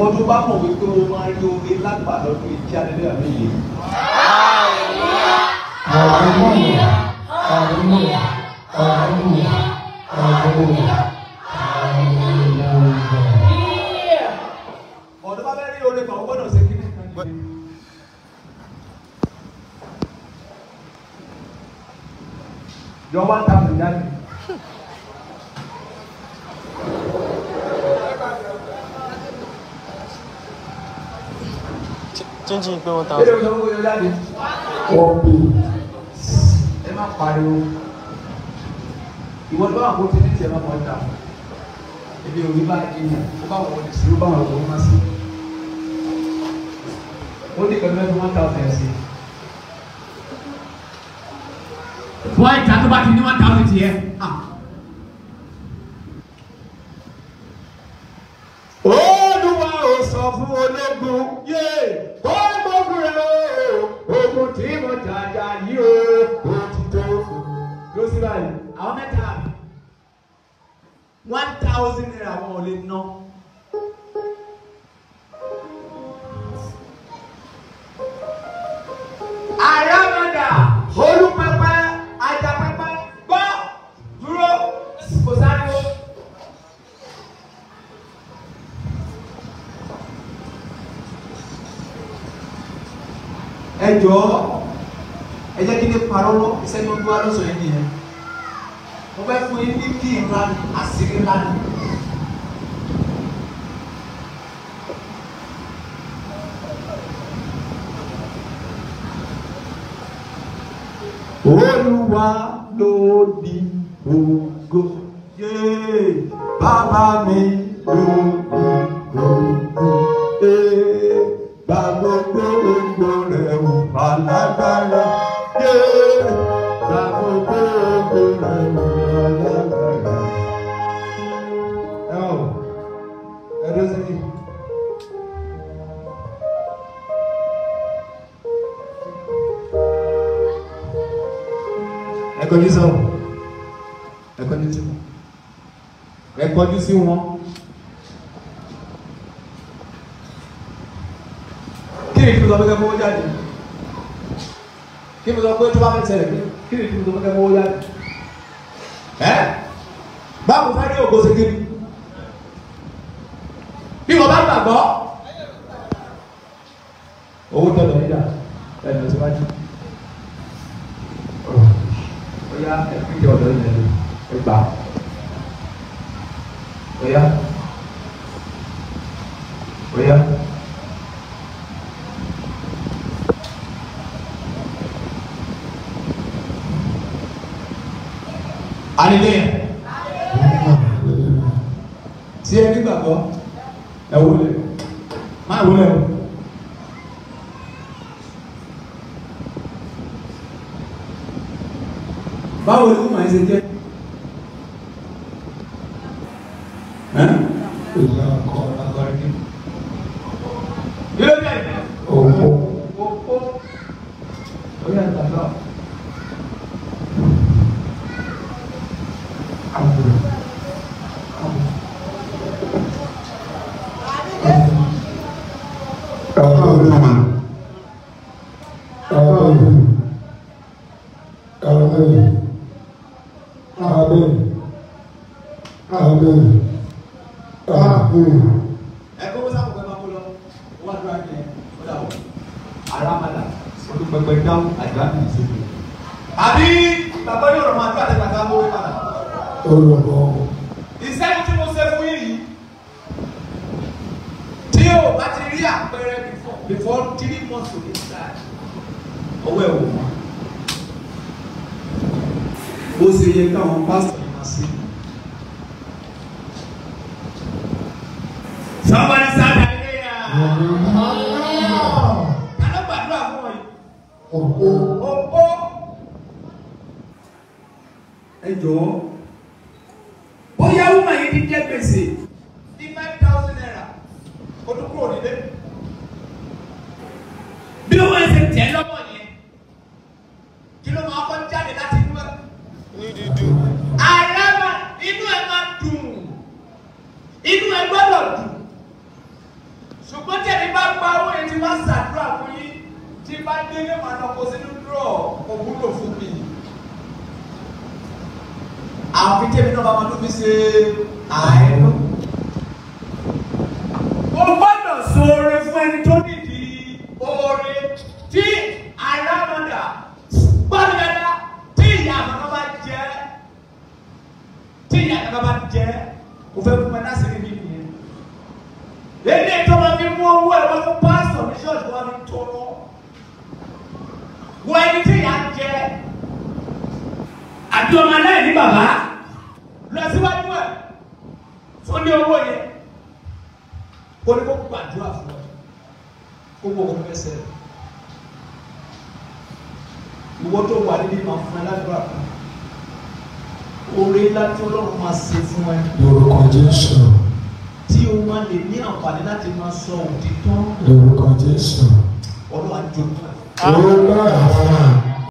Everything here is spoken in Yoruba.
ìwọ tó bá mọ̀ wípé o máa rí orin lágbàdo tó ìdí adẹ́lẹ́ àmì yìí. Hallelujah! Hallelujah! Hallelujah! Hallelujah! ọ̀dọ́ bá bẹ́ẹ̀ rí orin kan gbọ́dọ̀ ṣe kí ni. yọ wá ń ta fún jáde. change pé one thousand. ẹ̀rọ ìṣòwò yóò jáde wọ́n pè ẹ má pariwo ìwọ lọ́wọ́ àpò tẹ́lẹ̀ tí ẹ má pọ̀ dà ebi òní bá kí ni ó bá wọ̀ ọ́dẹ sí ó bá wọ̀ ọ́dẹ má sí ó ní pẹ̀lú ẹni one thousand sí. wọ́n ìta tó bá ti ní one thousand ti ah. Olúwa ò sọ fún ológun yéé. àdúrà yìí àwọn mẹ́ta one thousand naira wọn ò lè ná. àràmàdà olùpẹpẹ ajapẹpẹ gbọ́ dúró kò sáré. ẹ jọ̀ọ́ ẹ jẹ́ kí n lè parọ́ lọ iṣẹ́ tó ń bá lọ́sọ̀ọ́ yẹn nìyẹn mo fẹ́ fún yín ní kí ńlá ni àṣírí ńlá ni. Olúwa ló ní bàbá mi ló ní ògo yéé gbàgbọ́ pé ògo rẹ̀ ò bá lágbára yéé gbàgbọ́ kọjú sọ̀rọ̀ ẹ kọjú sí wọn ẹ kọjú sí wọn. kí ni ìfúnṣọ́ fẹ́ mọ́wọ́ jáde kí ni ìfúnṣọ́ pé tó bá fẹ́ ṣẹlẹ̀ kí ni ìfúnṣọ́ fẹ́ mọ́wọ́ jáde ẹ báwo fẹ́ ní ògo ṣe kiri bí wọ́n bá gbàgbọ́ owó tọ̀dọ̀ nígbà. ya ẹgbẹ́ ọ̀dọ́ ilẹ̀ ẹgbà ọ̀yá ọ̀yá. Hallelujah. Tí ẹ nígbàgbọ́, ẹ wúlẹ̀, máa wúlẹ̀ o. báwo ni wọ́n máa ṣe jẹ́ Thank you. ẹ kó wọ́n sábà pẹ̀lú akólọ́ wọ́n dúró àti ẹ̀ kódà wọ́n aramada olú pẹpẹ dáhùn àjọ àti ìṣèlú. àbí bàbá yóò rọ̀ máa tó àti bàtà lórí padà. ìṣẹ́yìn tí before three months of this time ọwọ́ ẹ̀ wò wọ́n. bó pásítọ̀ yìí máa ṣe Somebody said hallelujah. Kálọ́ gbàdúrà fún ọ yìí. Òpó. Òpó. Ẹ jọ̀ọ́. Bóyá wúmọ̀ yìí ti jẹ́ gbèsè ní five thousand naira. Odúkúrò nílé. Bí wọ́n ṣe tẹ̀ lọ́wọ́ yìí. eré màá lọ kó sínú dúró kò wúlò fún mi. àfi tẹ́mi náà bá máa dúpẹ́ ṣe àìlú. o gbọ́dọ̀ sọ oore fún ẹni tó nídìí oore tí alámọ̀dà gbọ́dọ̀ tí ìyá àbàkọ́ bá jẹ́ tí ìyá àbàkọ́ bá jẹ́ kò fẹ́ fún ẹ náà sí ibi nìyẹn. lẹ́yìn tó bá. wo ẹni tí ìyá ń jẹ àbí ọmọ náà ní bàbá lọ síwájú ẹ tó ní owó yẹn ó ní kó gbàdúrà fún ọ kó wọ òun fẹsẹ̀ rẹ ìwọ tó wà níbi máa fún ẹ lágbára fún oore ńlá tí Ọlọ́run máa ṣe fún ẹ. lórúkọ Jésù. tí o máa lè ní àǹfààní láti máa sọ òtítọ́. lórúkọ Jésù. Ọlọ́run àjò kan. Amen.